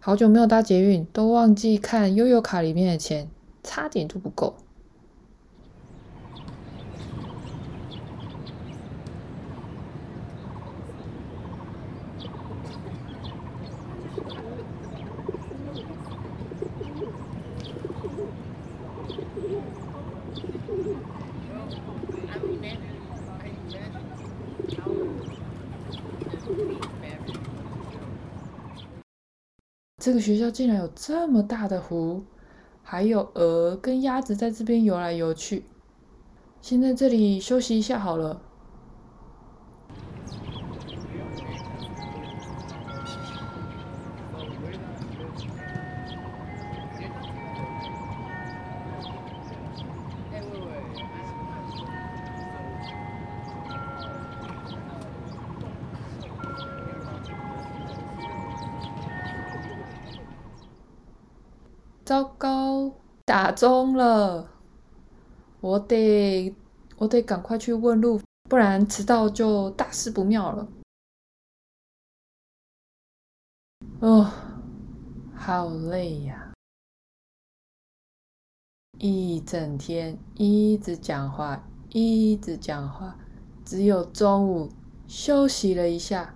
好久沒有搭捷運，都忘記看悠遊卡裡面的錢，差點就不夠。這個學校竟然有這麼大的湖，還有鵝跟鴨子在這邊游來游去。先在這裡休息一下好了。糟糕，打鐘了！我得我得趕快去問路，不然遲到就大事不妙了。哦，好累呀，啊！一整天一直講話，一直講話，只有中午，休息了一下，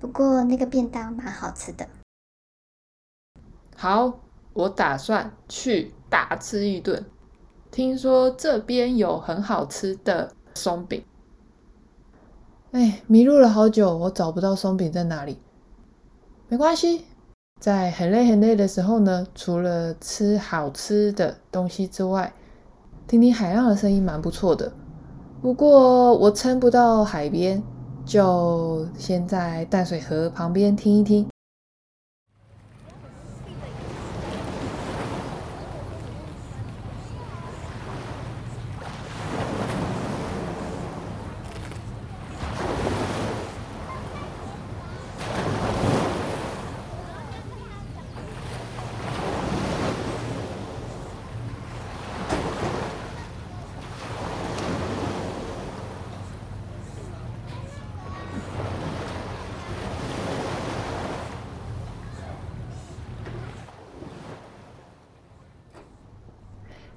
不過那個便當蠻好吃的。好，我打算去大吃一頓。聽說這邊有很好吃的鬆餅。哎，迷路了好久，我找不到鬆餅在哪裡。沒關係，在很累很累的時候呢，除了吃好吃的東西之外，聽聽海浪的聲音蠻不錯的。不過我撐不到海邊，就先在淡水河旁邊聽一聽。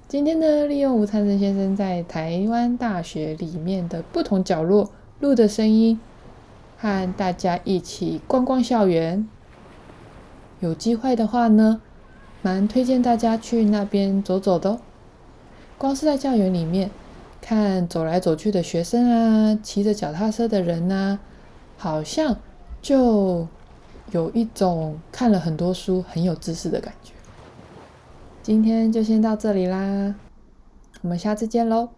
今天呢，利用吳燦盛先生在台灣大學裡面的不同角落錄的聲音，和大家一起逛逛校園。有機會的話呢，蠻推薦大家去那邊走走的哦。光是在校園裡面看走來走去的學生啊，騎着腳踏車的人吶、啊，好像就有一種看了很多書、很有知識的感覺。今天就先到這裡啦，我們下次見嘍。